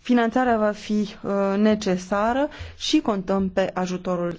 finanțarea va fi uh, necesară și contăm pe ajutorul